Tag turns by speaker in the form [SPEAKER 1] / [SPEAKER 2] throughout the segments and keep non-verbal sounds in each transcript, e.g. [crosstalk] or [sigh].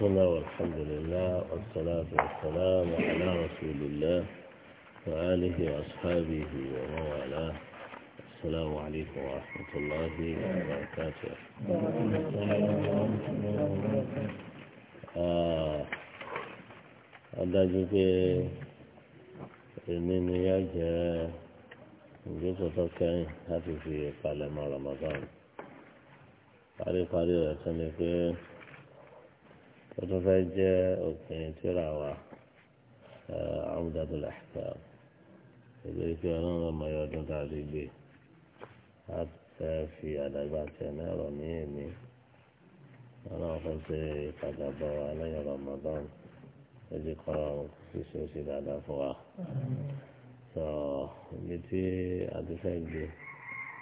[SPEAKER 1] ثم والحمد لله والصلاة والسلام على رسول الله وآله وأصحابه ومن والاه السلام عليكم ورحمة الله وبركاته آه هذا جزء من yá جزء ìjókòó tó في قلم رمضان palẹ̀mọ́ Ramadan paríparí tó fẹ́ jẹ́ òpin tíra wa Umdatul Ahkam ìgbèrè pé ọlọ́run ọmọ yọ ọdún tá a lè gbé a fẹ́ fi àdàgbà tẹ̀ náà rọ̀ ní èmi ọlọ́run fẹ́ ṣe ìpadà bọ̀ wá lẹ́yìn Ramadan ẹ̀jẹ̀ kọ́ ṣíṣe ṣe dáadáa fún wa sọ ibi tí a ti fẹ́ gbé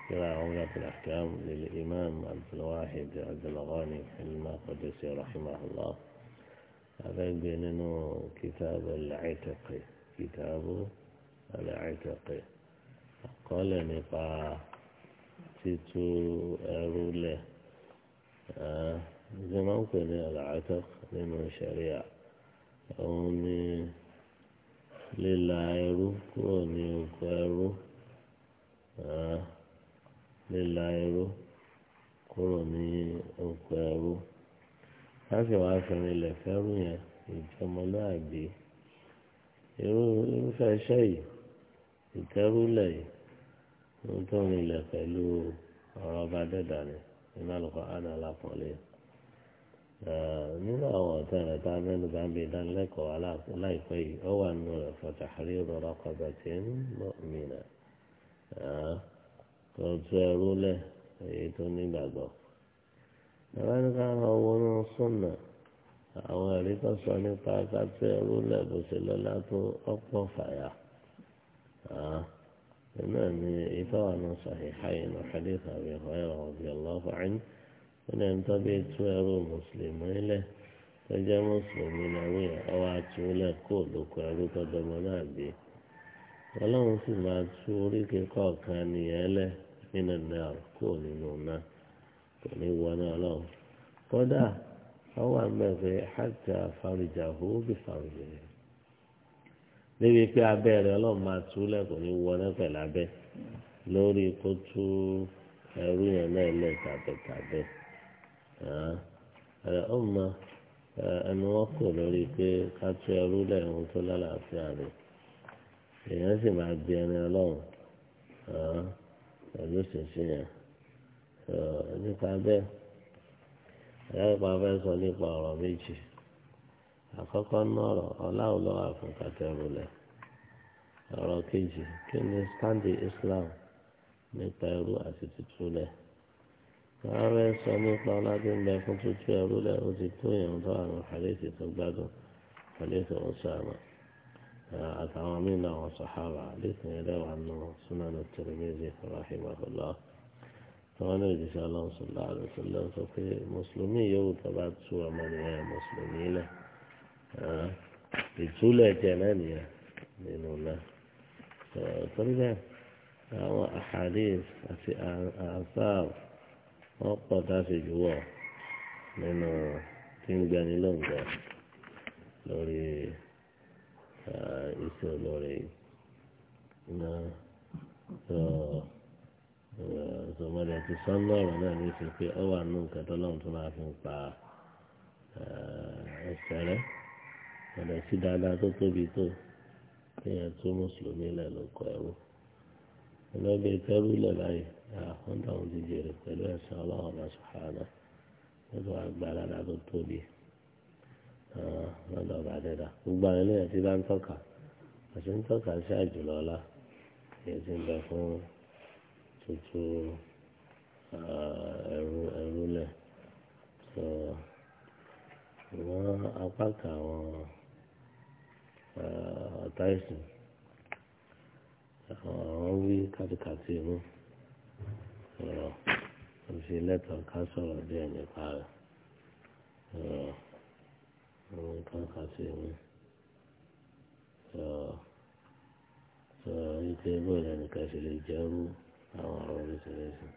[SPEAKER 1] tíra Umdatul Ahkam lil Imam Abdul Wahid Abdul Ghani al-Maqdisi rahimahullah. أبقى ننو كتاب العتق كتاب العتق قال نقا تتو أرولة آه زمان كنا العتق من الشريعة أوني من ẹrú kúrò ní oko ẹrú lílà ẹrú kúrò káṣí wàá fẹ́ràn ilẹ̀ fẹ́rù yẹn ìjọmọlúàgbé irú iru iṣẹ́ yìí ìkẹ́rùlẹ̀ yìí ń tó rinlẹ̀ pẹ̀lú ọ̀rọ̀ ọba deda ni nínú àlùkò àná alákùnrin nínú àwọn ọ̀tá rẹ̀ tá a mẹ́nu bá ń bi ìdánilẹ́kọ̀ọ́ aláìpẹ́ yìí ó wà nínú rẹ̀ fọ̀tà àrí ìrora kọjá tí ń mọ̀ mí nà tó ẹrú lẹ̀ èyí tó àwọn ẹni ká lọ na súnà àwọn ẹ̀rí tó sọ nípa kátẹ́ rúlẹ̀ bó ṣe lọ́lá tó ọ̀pọ̀ fàyà nínú ẹ̀mí ìtọ́wà náà sàhìháyì nà hadith àbí ìhọ́yà ọ̀bí ọlọ́fà ẹ̀yìn nínú ẹ̀mí tó bí tú ẹrú mùsùlùmí lẹ̀ tó jẹ́ mùsùlùmí lọ́wọ́ yẹn ọwọ́ kó ẹrú tó dọmọ náà bí ọlọ́run sì máa tú oríkèé kọ̀ọ̀kan nìyẹn nínú kò ní wọnà ọlọ́run kódà wọ́n wà mẹ́fẹ́ hàtà fàrìjà hó bí fàrìjà yẹn níbi pé abẹ́ rẹ̀ ọlọ́run máa túlẹ̀ kò ní wọnà pẹ̀lú abẹ́ lórí kó tú ẹrú yẹn náà lẹ̀ tàbẹ̀tàbẹ̀ ẹ̀ ọmọ ẹnu wọn kò lórí pé ká tú ẹrú lẹ̀ ohun tó lálàáfíà rẹ̀ èèyàn sì máa gbé ẹni ọlọ́run pẹ̀lú ṣinṣin yẹn. nípa bẹ́ẹ̀ ẹ̀rọ fẹ́ sọ nípa ọ̀rọ̀ méjì àkọ́kọ́ nọ̀rọ̀ ọláwùlọ́ àfọ̀kàtẹ̀rùlẹ̀ ọ̀rọ̀ kejì kí ni stanley Islam nípa ẹrú àti tuntun lẹ̀ ẹ̀rọ fẹ́ sọ nípa ọládé ń bẹ fún tuntun ẹrú lẹ̀ ó ti tó ìyẹn tó àwọn àlejò tó gbádùn ó àtàwọn mí náà hàbà nù àwọn náà jẹ́ sọ́lá ṣọlá àlùfọ́lá sọ pé mùsùlùmí yóò tó bá tú ọmọ nìyẹn mùsùlùmí lẹ̀ ìtúlẹ̀ jẹ́ náà nìyẹn nínú náà torí bẹ́ẹ̀ àwọn àhàdís àti àzáàb wọ́n pọ̀ dáṣe jù wọ̀ nínú tí ń gbani lóńgbà lórí iṣẹ́ olóore náà sọmọdé ti sọ́nà ọ̀rọ̀ náà ní ṣe pé ọwọ́ àánú nǹkan tọ́lọ́run tó máa fi ń pa eh, ẹsẹ̀ rẹ ọ̀dọ̀ sí dáadáa tó tóbi tó kéèyàn tó mùsùlùmí lẹ̀ ló kọ ẹ̀rú ọlọ́bẹ̀ ìtẹ́rù lẹ̀ báyìí àwọn táwọn ti jèrè pẹ̀lú ẹ̀sìn ọlọ́run ọ̀nà sọ̀hánà lọ́dọ̀ agbára tó tóbi eh, lọ́dọ̀ bàdẹ́dà gbogbo àwọn eléyàn ti bá ń tọ́ka àti ń tọ́ka sí àjùlọ ọlá èyí ti ń bẹ fún tútù ẹrú ẹrú lẹ̀ so wọ́n apá kan àwọn ọ̀tá ìsìn àwọn wí kàtìkàtì inú ọ̀rọ̀ òṣì lẹ́tọ̀ọ́ ká sọ̀rọ̀ díẹ̀ nípa rẹ̀ ọ̀rọ̀ àwọn kàtìkàtì inú ọ̀rọ̀ ìpínlẹ̀ nìkan ṣe lè jẹ́rú. àwọn ọ̀rọ̀ oríṣiríṣi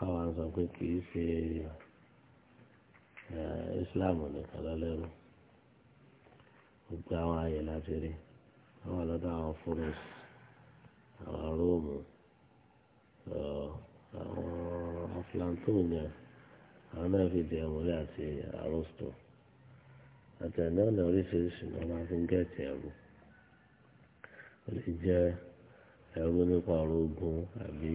[SPEAKER 1] àwọn sọ pé kì í ṣe islam nìkan lọ́lẹ́rú gbogbo àwọn ààyè láti rí àwọn ọlọ́dọ̀ àwọn fúrúùs àwọn róòmù àwọn aflantónia àwọn náà fi di ẹ̀mọ́lẹ́ àti àròsùtò àtẹ̀lẹ́ oríṣiríṣi ni wọ́n máa fi ń ó lè ẹrú nípa ọ̀rọ̀ ogun àbí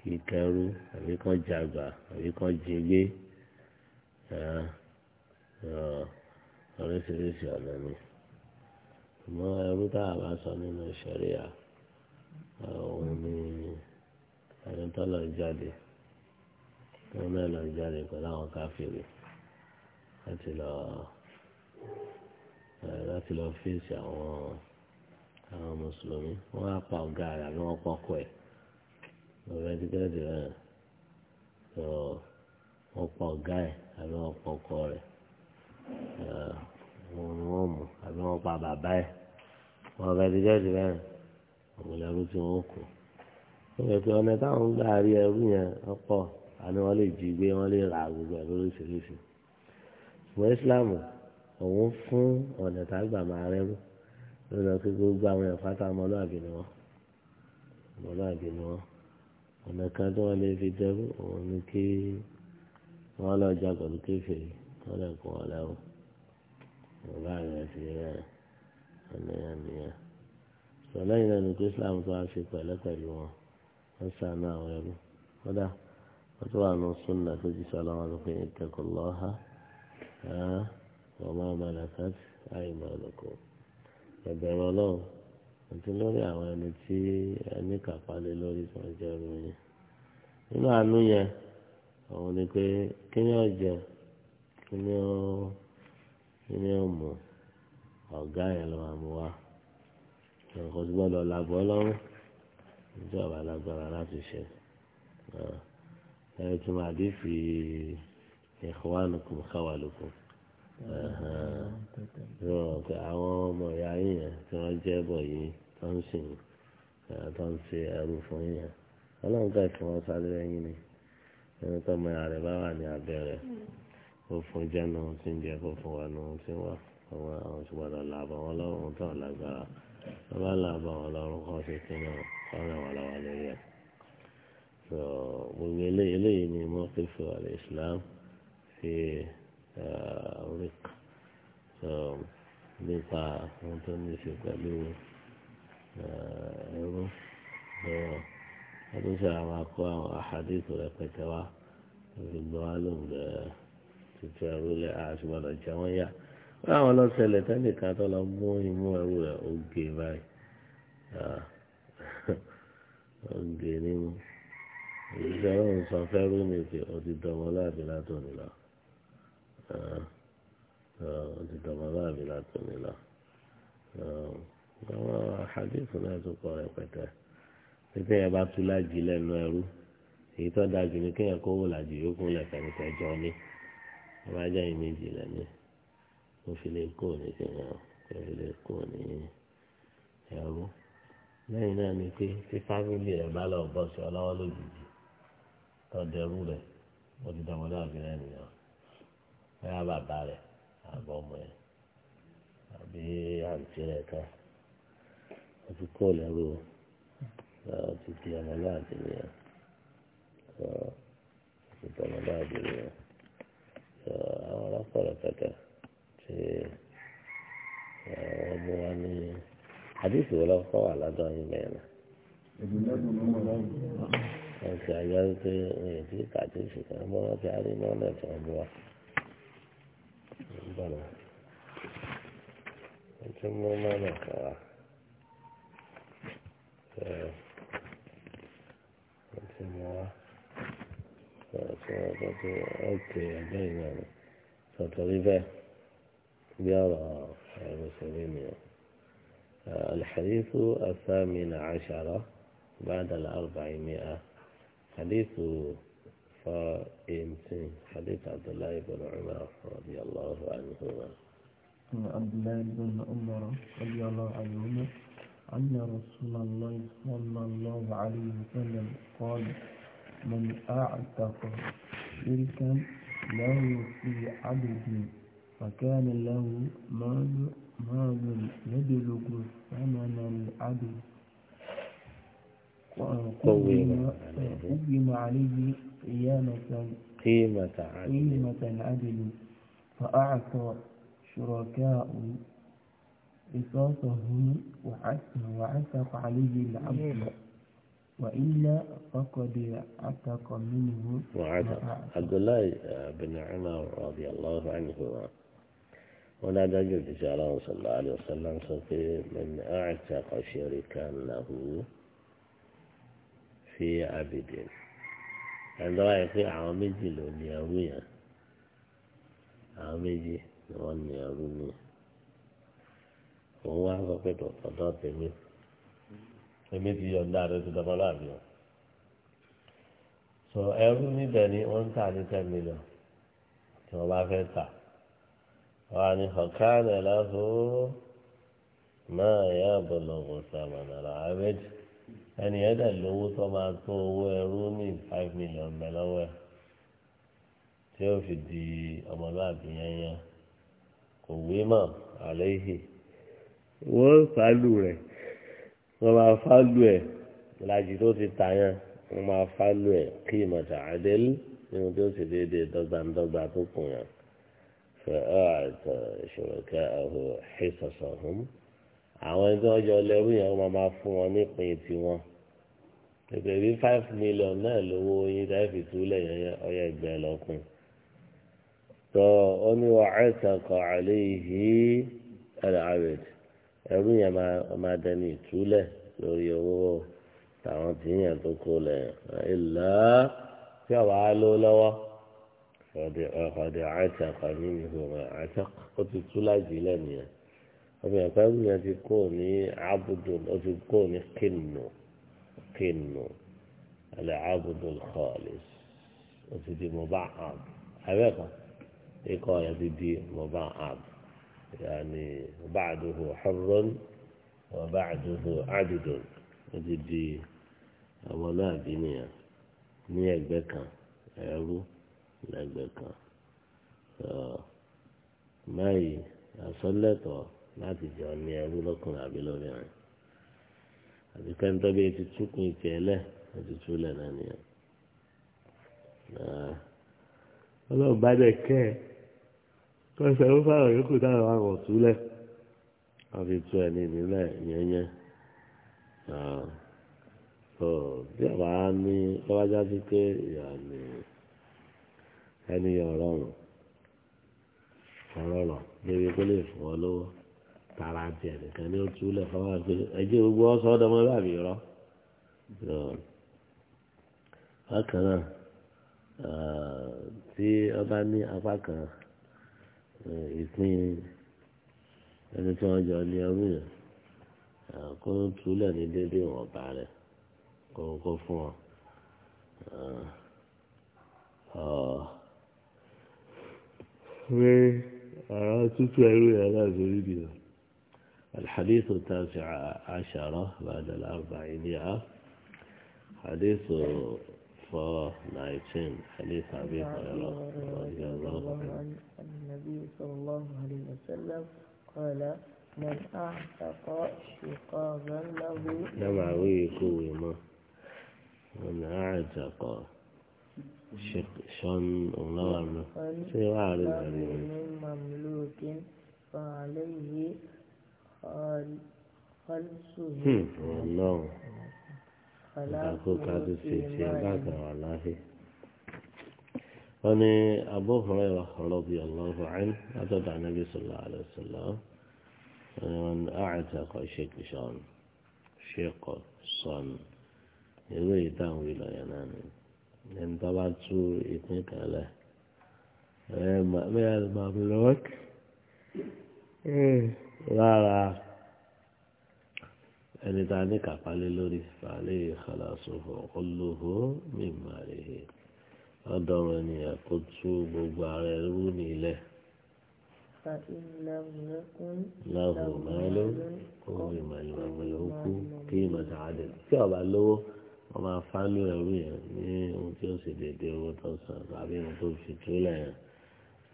[SPEAKER 1] kíkẹrú àbí kan jàgbà àbí kan jẹgbé oríṣiríṣi ọ̀nà ni ṣùgbọ́n ẹrú tá a bá sọ nínú ṣẹ̀ríà òun ni ẹni tó lọ jáde tó náà lọ jáde pẹ̀lú àwọn káfíìrì láti lọ láti lọ fèsì àwọn àwọn mùsùlùmí wọ́n á pa ọ̀gá rẹ̀ àbí wọ́n pọ̀kọ̀ ẹ̀ lọ́rẹ́ dígẹ́dì rẹ̀ wọ́n pa ọ̀gá ẹ̀ àbí wọ́n pọ̀kọ̀ rẹ̀ wọ́n ni wọ́n mú àbí wọ́n pa bàbá ẹ̀ wọ́n rẹ̀ dígẹ́dì rẹ̀ òun lẹ́rú tí wọ́n kù. ìgbà tí ọ̀nà táwọn gbà rí ẹrú yẹn ọ̀pọ̀ àni wọ́n lè jí gbé wọ́n lè ra gbogbo lóríṣiríṣi. ìmọ̀ ìsìlámù òun fún ọ̀nà tágbà máa rẹ́rú lọ́dọ̀ pé gbogbo àwọn èèyàn pátá ọmọlúwàbí ni wọ́n ọmọlúwàbí ni wọ́n ọ̀nà kan tí wọ́n lè fi dẹ́rù òun ni kí wọ́n lọ jà pẹ̀lú kéfì wọ́n lè kún wọn lẹ́wọ̀ bàbá rẹ̀ fi rẹ̀ ọ̀nìyàn nìyẹn sọlẹ́yìn náà ni pé Islam tó wá ṣe pẹ̀lẹ́ pẹ̀lú wọn wọ́n ṣàánú àwọn ẹrú kódà wọ́n tó wà nù súnà tó ti sọ lọ́wọ́ ló ìtẹ̀kọ̀ lọ́ha wọ́n máa mọ̀ lẹ́kàtì ẹ̀bẹ̀rún ọlọ́run àti lórí àwọn ẹni tí ẹni kàpálẹ̀ lórí tí wọ́n jẹ́ ẹrú yẹn nínú àánú yẹn àwọn ni pé kínyàn jẹ kínyàn mọ ọ̀gá yẹn lọ́wọ́ àmú wa ẹ̀kọ́ tí gbọ́dọ̀ làbọ̀ lọ́rùn níjọba lágbára láti ṣe ẹ̀rọ tí màá dé fi ikhwanukum khawalukum rọ̀ọ̀kẹ́ àwọn ọmọ ìyá yín tí wọ́n jẹ́ bọ̀ yìí tó ń sìn yín tó ń ṣe ẹrú fún yín ọlọ́run kẹ́ fún wọn sáré lẹ́yìn ni ẹni tó mọ ìyá rẹ̀ bá wà ní abẹ́ ó fún jẹ́ nu tí ń jẹ́ kó fún wa nu tí ń wà àwọn àwọn tí gbọ́dọ̀ làbọ̀ wọn lọ́rùn tó lágbára wọ́n bá làbọ̀ wọn lọ́rùn kọ́ sí kíni ọ̀rẹ́ wọn lọ́wọ́ lórí ẹ̀ gbogbo eléyìí ni mo fi fi wà ní Islam fi oríkà nípa ohun tó ní ṣe pẹ̀lú ẹrú lọ́wọ́ adúṣe àwọn akọ àwọn àhàdìsù rẹpẹtẹ wa gbogbo wa ló ń bẹ tuntun ẹrú lẹ àṣùgbọ́n ọ̀jẹ̀ wọn yá wọn àwọn ọlọ́sẹ̀lẹ̀ tẹ́nìkan tó lọ mú imú ẹrú rẹ̀ ó gé báyìí ah, [laughs] ó gé nínú ọ̀dọ̀dọ̀mọ̀ bá mi láti mi lọ. àwọn àdéhùn náà tó pọ̀ rẹpẹtẹ títí yẹn bá tú lájì lẹ́nu ẹrú èyí tó dáa jù ní kéèyàn kó wò lájì yókùn lẹ́fẹ̀ẹ́ kẹjọ ní wọ́n á jẹ́ ìmejì lẹ́nu mo fi lè kó ní kéèyàn mo fi lè kó ní ẹrú lẹ́yìn náà ni pé tí fámìlì rẹ̀ bá lọ bọ́ sí ọ lójijì tọ́jú ẹrú rẹ̀ ó ti dàmọ́dá àbí lẹ́nu yẹn bóyá bàbá rẹ̀ àbọ̀ ọmọ ẹ̀ àbí àǹtí rẹ̀ kan ó ti kó lẹ́rú ó ti di ọmọlúwàbí nìyẹn ó ti di ọmọlúwàbí nìyẹn àwọn ọlọ́pàá kẹ̀kẹ́ tí wọ́n mú wa ní àdìsí wọn lọ́kọ́ wà lọ́dọ̀ yín bẹ́ẹ̀ náà. Wọ́n ti àyà wípé òyìnbí kàdé ìṣèkàn mọ́ wọn ti arí náà lẹ́tọ̀ọ́ mú wa. بنا ثم ما نقع ثم أوكي بين فتغيبه يرى المسلمين الحديث الثامن عشر بعد الأربعمائة حديث فإنتين حديث عبد الله بن عمر رضي الله عنهما عبد الله بن عمر رضي الله عنهما أن رسول الله صلى الله عليه وسلم قال من أعتق شركا له في عبد فكان له مال مال يبلغ ثمن العبد وأن قوم عليه قيامة قيمة عدل قيمة عدل فأعطى شركاء قصاصهم وعتق عليه العبد وإلا فقد عتق منه وعتق عبد الله بن عمر رضي الله عنهما ولا دجل في الله صلى الله عليه وسلم من أعتق شركا له fi àbèdè ẹni tó wáyé pé àwọn méjì ló ní ẹrú yẹn àwọn méjì ni wọ́n ní ẹrú ní òun wá sọ pé tọ̀tọ̀ tèmi èmi ti yọ̀ǹda rẹ ti dọ́kọ́ láàbí o sọ ẹrú níbẹ̀ ni wọ́n ń tà ní ten million tí wọ́n bá fẹ́ tà wọ́n á ní ọ̀kánẹ̀ lọ́sọ̀ọ́ máa yá bọ̀ lọ́gùn sàmànà làwọn méjì ẹni yẹn dẹ̀ lówó tó máa tó owó ẹrú ní five million bẹ lọ́wọ́ ẹ̀ tí ó fi di ọmọlúwàbí yẹn yẹn kò wí mọ̀ àléhì wọ́n fàálù rẹ̀ wọ́n máa fàálù ẹ̀ ìlàjì tó ti ta yẹn máa fàálù ẹ̀ kí ìmọ̀tà àdélé nínú tí ó sì déédéé dọ́gbandọ́gba tó kù yẹn fẹ́ ọ́ àìsàn ìṣòro kẹ́ ẹ̀hó ṣèṣọ̀ṣọ̀ hùm àwọn ẹni tí wọ́n jọ lẹ́rú yẹn wọ́n máa fún wọn nípìn tiwọn tètè bí five million náà lówó yín tá ẹ fi túlẹ̀ yẹn ọyẹ ẹgbẹ́ lọ́kùn tó ó ní wọ́n àìsàkọ̀ àlẹ́ yìí ẹ̀rọ àrẹ̀d ẹrú yẹn máa dẹni ìtúlẹ̀ lórí owó tàwọn tí yẹn tó kó lẹ̀ ìlà tí ọba á ló lọ́wọ́ ọ̀dẹ̀ àìsàkọ̀ nínú ìhòòhò àìsàkọ̀ ó ti tú lájìlẹ̀ nìyẹn ọmọ ìpàdé yẹn ti kó ní abudul ó ti kó ní kinu kinu alẹ́ abudul khalis ó ti di mubahab abẹ́kọ̀ ikọ̀ yẹn ti di mubahab yàní bàdùhù xurun wà bàdùhù àdùdùn ó ti di àwọn náà bí nìyẹn ní ẹgbẹ́ kan ẹrú lẹ́gbẹ́ kan báyìí àsọlẹ́tọ̀ọ́ láti jọ ní ẹrú lọ́kùnrin àbí lóbìnrin àbí kẹ́ńtọ́ bí ti túkun ìtì ẹlẹ́ ti túlẹ̀ náà nìyẹn. ọlọ́run bá dẹ̀ kẹ́ ẹ kọ́sẹ̀ ó fáwọn yòókù táwọn àwọn ọ̀túnlẹ̀ wọ́n fi tú ẹni nílẹ̀ yẹ́nyẹ́ bí àbá ní lọ́wọ́já sí pé ìyàní ẹni yọ̀ ọ̀rọ̀ ọ̀rọ̀ ọ̀rọ̀ kó lè fún ọ lọ́wọ́ tara tiẹ̀ nìkan ní otu lẹ̀ fọwọ́ àgbẹ̀ ẹjẹ́ gbogbo ọ̀sọ́ ọ̀dọ́mọ bá mi rọ. bákan náà tí ọba ní apá kan ìpín ẹni tí wọ́n jọ ní ọdún yẹn kó túlẹ̀ ní dédé ìwọ̀nba rẹ̀ kó kó fún ọ pé ara tútù ẹrú yẹn láti orí ìdìbò. الحديث التاسع عشرة بعد الأربعمائة حديث فنايتين نايتين حديث أبي هريرة رضي الله عنه النبي صلى الله عليه وسلم قال من أعتق شقاقا له نمعوي قويمة من أعتق شق شن ونغم من مملوك فعليه ọlọ́run ìdàkókà ti ṣe ti aláàgbà wà láàyè wọ́n ní Abu Hurairah rọ́bì ọlọ́run àìn látọ̀dọ̀ anábì sọ̀lá àlẹ́sọ̀lá wọ́n àìtà kọ́ ṣèkì sọ̀n ṣèkọ̀ sọ̀n ìwé ìtàwé lọ́yẹ̀ náà ni ẹni tó bá tú ìpín kan rárá ẹni tá a ní kàpálẹ́ lórí fàálẹ́ ìkàlàsọ̀fọ̀ olóhó mímọ́ àlehè ọ̀dọ́rọ̀ ènìyàn kó tú gbogbo ara ẹrú nílẹ̀. láhùn mẹ́lẹ́ kó ìmọ̀ ìmọ̀ ìmọ̀lẹ́ ó kú kí ìmọ̀ sàádẹ́ tí ọba lówó wọ́n máa fálú ẹrú yẹn ní ohun tí ó sì dédé owó tó sàn tàbí ohun tó fi túlẹ̀ yẹn.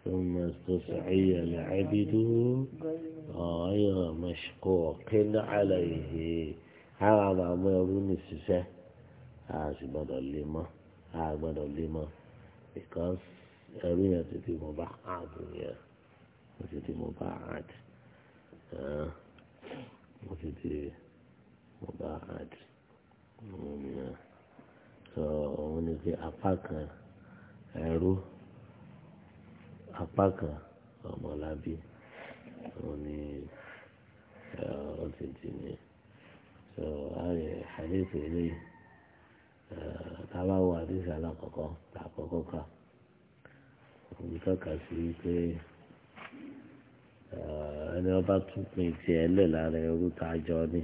[SPEAKER 1] ثم استسعي العبد غير مشقوق عليه ara àwọn àwọn ẹrú ní ṣiṣẹ́ a sì gbọ́dọ̀ lé mọ́ a gbọ́dọ̀ lé mọ́ because ẹrú yẹn ti di mo bá hard yẹn mo ti di mo bá hard mo ti di mo bá hard so òun ni pé apá kan ẹrú apá kan ọmọlábí òun ni ó ti dì ní so àyè àdéhùn eléyìí tábà wọ àdéhùn alákọ̀ọ́kọ́ làkọ́kọ́ ká òun kàkà sí pé ẹni ọba tún pin tiẹ̀ lẹ̀ lára ẹrú tá a jọ ní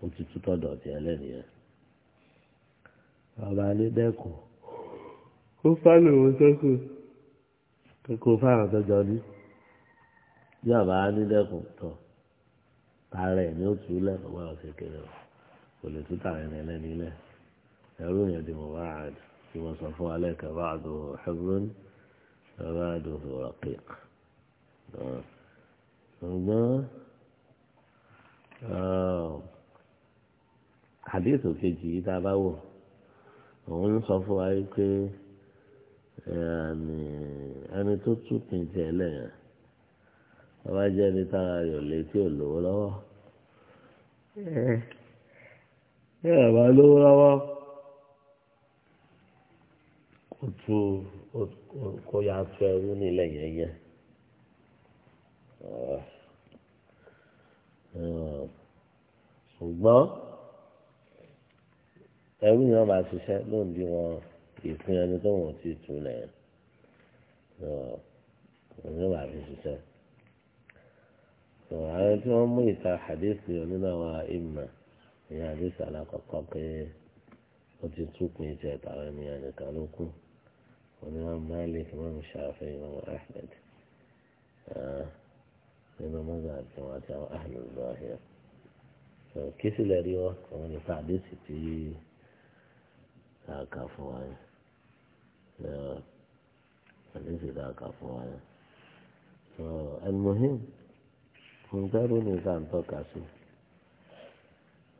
[SPEAKER 1] ó ti tún tọ̀dọ̀ tiẹ̀ lẹ̀ nìyẹn ọba alẹ́dẹ́kùn ó fálẹ̀ wọn sẹ́kùn kíkó fáwọn tọjọ ní bí ọba nílẹ̀kùn tọ tààrẹ ní ó tún lẹ ọba ọsẹ kẹrẹ o kò lè tún tààrẹ ní ẹlẹni lẹ ẹrú yẹn di mọba àd tí wọn sọ fún alẹ kẹfà àdó ẹbùrún ẹbà àdó rọkìk ṣùgbọ́n àdéhùn um, kejì yìí tá a bá wò òun sọ fún wa yìí pé ẹni tó tún pin tiẹ̀ lẹ́yìn ọba jẹ́ ẹni tára rẹ̀ ò lè tí ò lówó lọ́wọ́ ẹ ẹ bá lówó lọ́wọ́ kò tún kó yá tó ẹrú nílẹ̀ yẹn yẹn ṣùgbọ́n ẹrú yẹn máa ṣiṣẹ́ lóun bí wọn ìpín ẹni tó wọ́n ti tu lẹ̀ ọ̀nà wà fi ṣiṣẹ́. àwọn tí wọ́n mú ìta hadith onínú àwọn ìmọ̀ ìyá hadith alákọ̀ọ́kọ́ pé ó ti tú pin iṣẹ́ ìtàwọn ènìyàn nìkan ló kù onímọ̀ Malik imam Shafi imam Ahmed nínú mọ́gà àti wọn àti àwọn ahlul zahir kí sílẹ̀ rí wọn àwọn nípa hadith tí a kà fún wa yìí. الذي لا كفوا المهم هم قالوا لي كان توقع سوء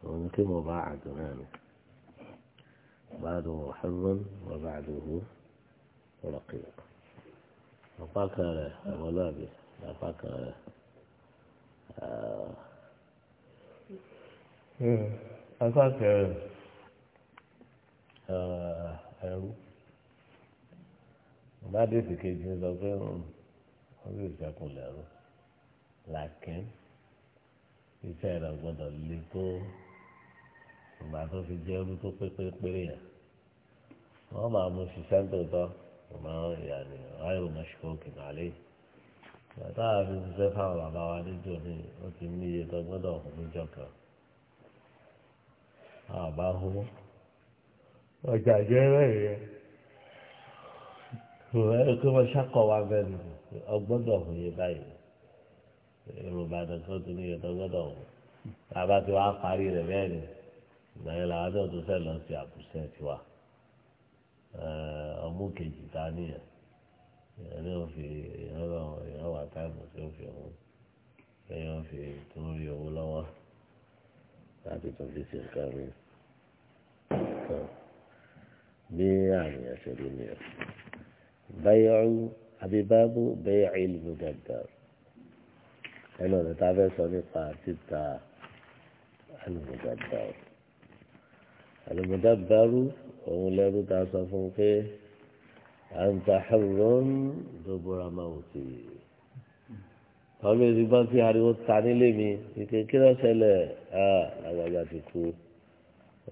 [SPEAKER 1] ونكي مباعد يعني بعده حظ وبعده رقيق فاكا ولا بيه لا فاكا أفاكا أفاكا آه، أفاكا آه، bá dèsì ń sọ pé hmm, wọ́n sì sẹ́kùn lẹ́rú làkín iṣẹ́ rẹ̀ gbọ́dọ̀ le tó ìgbà tó fi jẹ́ irú tó pépépéré yẹn wọ́n máa mú ṣiṣẹ́ ń tòótọ́ ìmọ̀ ìyàní ráyò mọ̀ṣíkòkì nàlẹ́ bàtà àfi ṣiṣẹ́ fáwọn bàbá wa níjọ ni ó ti ní iye tó gbọ́dọ̀ ọ̀hún níjọ kan àbá ọjà jẹ́ rẹ̀ yẹn pé wọ́n ṣàkọ́ wa bẹ́ẹ̀ ni ọgbọ́dọ̀ hùn yé báyìí èrò ìbàdàn tó ní ìyẹn ọgbọ́dọ̀ hùn tàbá tí wàá parí rẹ̀ bẹ́ẹ̀ ni ìgbà yẹn làwọn àjọ tó fẹ́ lọ sí àkùsẹ́ tiwa ọmú kejì ta nìyẹn ìyẹn ní òfin ìyẹn wà táìmù tí ó fi hùn ẹ̀yàn fi tó rí owó lọ́wọ́ láti tún fi ṣe nǹkan mi bí àrùn ẹ̀ṣẹ̀ ló bẹ́yọ̀rù àbí báàbù bẹ́yọ̀ ìlú dàgbàrù ẹnu ọ̀nà tá a fẹ́ sọ nípa títa alùmùdàgbàrù alùmùdàgbàrù òun lẹ́rú tá a sọ fún pé à ń ta hẹ́rùn lóbúra máa wò sí i tọ́lú ìdìbò tí ariwo ta nílé mi ike kí ló ṣẹlẹ̀ àgbàgbà ti kú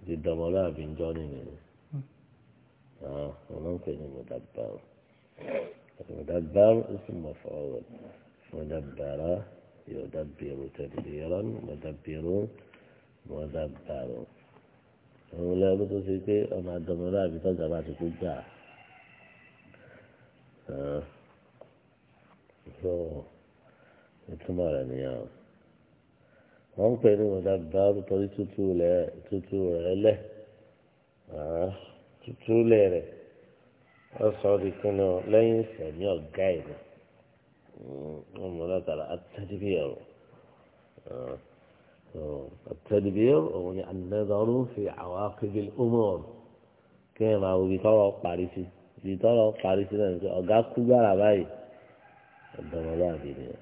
[SPEAKER 1] ti dọ̀mọ́ láàbí ń jọ́ nìyẹn hmm. ọ̀nà ń pè ní mùdàgbàrù. مدبر اسم مفعول مدبرة يدبر تدبيرا مدبر مدبر òun lẹ́nu tó ṣe pé ọmọ àdọ́mọlá àbí tọ́jà bá ti kú gbà so ìtumọ̀ rẹ̀ nìyẹn wọ́n ń pè ní mọ̀dábàárù torí tútù rẹ̀ lẹ̀ tútù rẹ̀ rẹ̀ أصعد كنا لين سميع قايد ومنا ترى التدبير التدبير هو النظر في عواقب الأمور كما هو بطلع قارسي بطلع قارسي لأنه باي عندما لا الضمضاء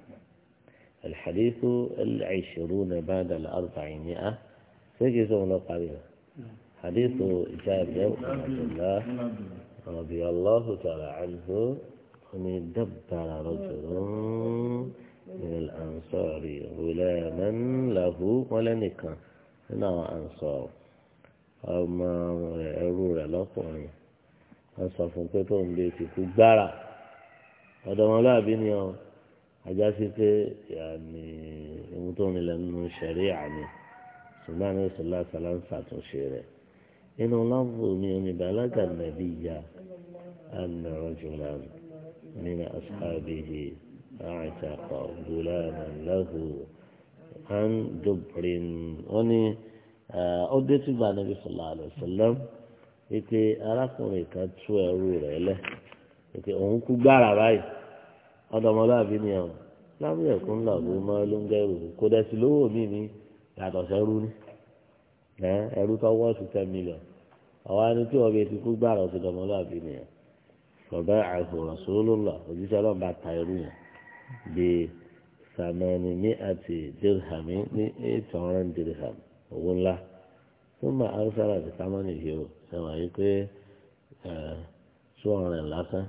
[SPEAKER 1] الحديث العشرون بعد الأربعمائة سيكي سونا قريبا حديث جابر بن عبد الله رضي الله تعالى عنه أن دبر رجل من الأنصار غلاما له ولنكا هنا أنصار أما أرور لقوني أنصار فنكتهم بيتي كبارا هذا ما لا بني أجاسك يعني يموتون لأنه شريعة سبحانه وتعالى سلام فاتو شيره إنه لفظ من بلغ النبي أن رجلا من أصحابه أعتق غلاما له عن دبر وني أدت مع النبي صلى الله عليه وسلم ike arákùnrin kan tú ẹrú rẹ̀ lẹ ike òun kú gbára báyìí ọ̀dọ́mọlúàbí ni ọ lábẹ́ ẹkún làbó máa ló ń gẹrù kó dẹsí lówó mi ni yàtọ̀ sẹ́rú ni ẹrú tó wọ́ọ̀sì ten million àwọn ẹni tí wọ́n bẹ ti kú gbára ọ̀sẹ̀ ọ̀dọ́mọlúàbí ni ọ fọba àhùrọ̀ sólùlọ̀ òjíṣẹ́ ọlọ́run bá ta irú yẹn bí sàmẹ́ni ní àti dirhami ní eight hundred dirham owó ńlá tó máa haúsára àti sámánì yìí o ṣe wà yìí pé two hundred lásán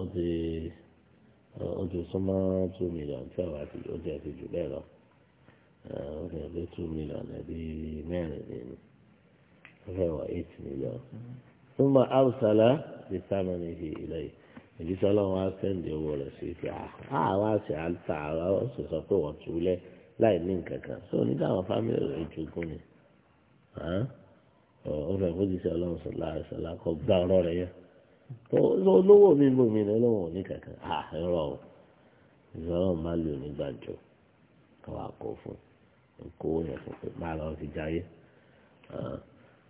[SPEAKER 1] ó ti ó ti súnmọ́ two million tí àwọn àti ó ti àti jù bẹ́ẹ̀ lọ ó ti àti two million ẹ̀bí mẹ́rin nínú ó fẹ́ wà eight million. ثم أرسل بثمنه إليه ìdí sọlọ wọn á sẹ́ǹdì owó rẹ̀ sí fi àwọn àṣẹ àlùfà àwọn ọ̀sẹ̀ sọ pé wọ́n ti wúlẹ̀ láì ní nǹkan kan sọ nígbà àwọn fámìlì rẹ̀ jogún ni ó fẹ́ kó jíṣẹ́ ọlọ́run sọ̀lá àṣàlá kọ́ gba ọ̀rọ̀ rẹ̀ yẹn tó olówó mi bò mí lọ́wọ́ ní kankan ẹ̀rọ ah, o ìṣọ́lọ́ máa lò nígbà jọ káwá kó fún kó yẹn fún pé má lọ́ọ́ fi jáyé.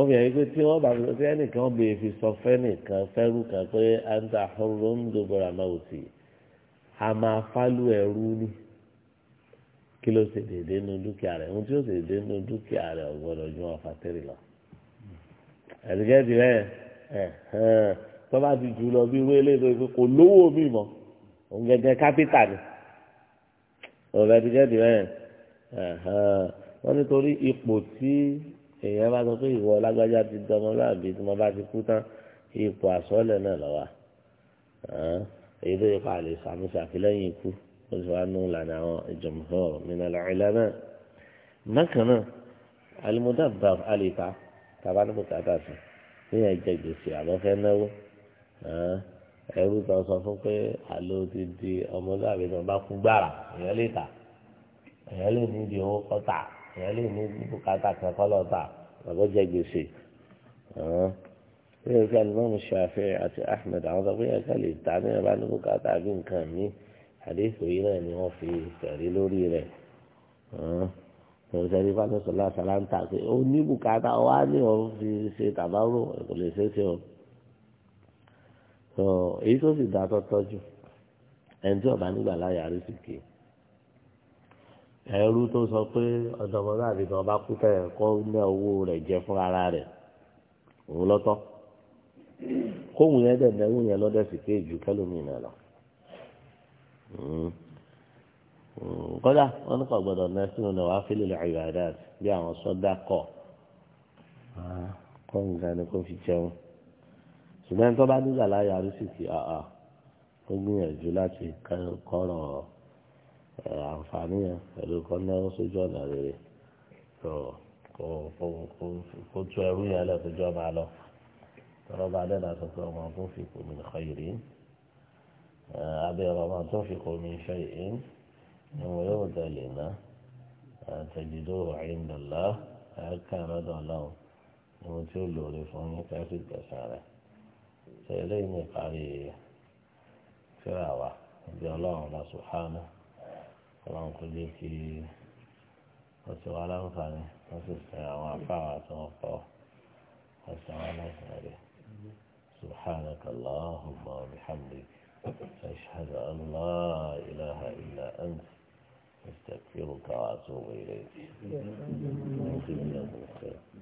[SPEAKER 1] obìnrin yìí pé tí wọ́n bá fi ẹnìkan bè fi sọ fẹ́nìkan fẹ́rù kan pé anta ọ̀rọ̀ ń dòbọ̀rọ̀ àmàwò tì í a máa fálù ẹrú ni kí ló ṣe déédéé nu dúkìá rẹ̀ ohun tí ó ṣe déédéé nu dúkìá rẹ̀ ò gbọ́dọ̀ ju wọn fàtẹ́rì lọ. ẹ̀dùkẹ́ rẹ̀ tó bá ti jù lọ bí irú eléyìí pé kò lówó mi mọ́ òun gẹ́gẹ́ kápítà ni ọ̀rọ̀ ẹ̀dùkẹ́ rẹ̀ wọ́n nítorí ipò tí èèyàn bá sọ pé ìwọ lágbájá ti dọmọ láàbí tí mo bá ti kú tán ipò àsọlẹ̀ náà lọ wa èyí tó yẹ kó àlè sàmì sàfilẹ́yìn ikú ó sì wá nù lànà àwọn ìjọmọ̀fọ́ mìíràn làìlá náà bákan náà alimudaba alita tàbá ní bùkátà sí níyàn jẹ gbèsè àbọ̀ fẹ́ náwó ẹrú tó sọ fún pé àlọ́ ti di ọmọlúwàbí tó bá kú gbàrà èèyàn lè tà èèyàn lè nídìí owó kọ́tà èèyàn lè ní bùkátà kankan lọ́ta àbọ̀ jẹ gbèsè bí ẹ̀ka alimami Shafi àti Ahmed àwọn sọ pé ẹ̀ka lè ta ní ẹ̀bá ní bùkátà àbí nǹkan mi àdéhùn yìí náà ni wọ́n fi tẹ̀rí lórí rẹ̀ ẹ̀sẹ̀ ní fásitì sọlá sàlántà pé ó ní bùkátà wá ní òun fi ṣe tàbárò kò lè ṣe é ṣe o èyí tó sì dá tọ́tọ́ jù ẹni tí ọba láyà rí sì kéé ẹrú tó sọ pé ọ̀dọ́mọdé àbí kan bá kú tẹ̀ kọ́ ní owó rẹ̀ jẹ fún ara rẹ̀ òun lọ́tọ́ kóhùn yẹn dẹ̀ náwó yẹn lọ́dẹ̀ sì pé ju kẹlòmínà lọ. Hmm. kọ́dà wọn ní kò gbọdọ̀ náà sínú náà wàá fi lè àyọ̀ àdá bí àwọn sọ́dá kọ̀ ah, kọ́ nǹkan ni kò fi jẹun ṣùgbọ́n tó bá nígbà láyà rúṣìkì ó gbìyànjú láti kọ́rọ̀ ọ́ àǹfààní yẹn pẹ̀lú kan náà sójú ọ̀nà rere tó kó kó kó kó tú ẹrú yẹn lẹ̀ sójú ọmọ àlọ́ tọ́lọ́ bá dẹ́nà sọ pé ọmọ tó fi kò mí nìkan yìí rí abẹ́ ọmọ tó fi kò mí ṣe yìí ni wọ́n yóò tẹ̀lé náà àtẹ̀jídó àyíndọ̀lá ẹ̀ka ìrọ̀dọ̀lá o ohun tí ó lòrè fún yín ká sì gbẹ̀sán rẹ̀ tẹ̀lé ọlọ́run kò jẹ́ kí ọ̀sẹ̀ wa láǹfààní wọ́n sì sẹ àwọn afáwà tí wọ́n kọ́ ọ̀sẹ̀ wa láǹfààní rẹ̀ سبحانك اللهم وبحمدك أشهد أن لا إله إلا أنت استغفرك واتوب اليك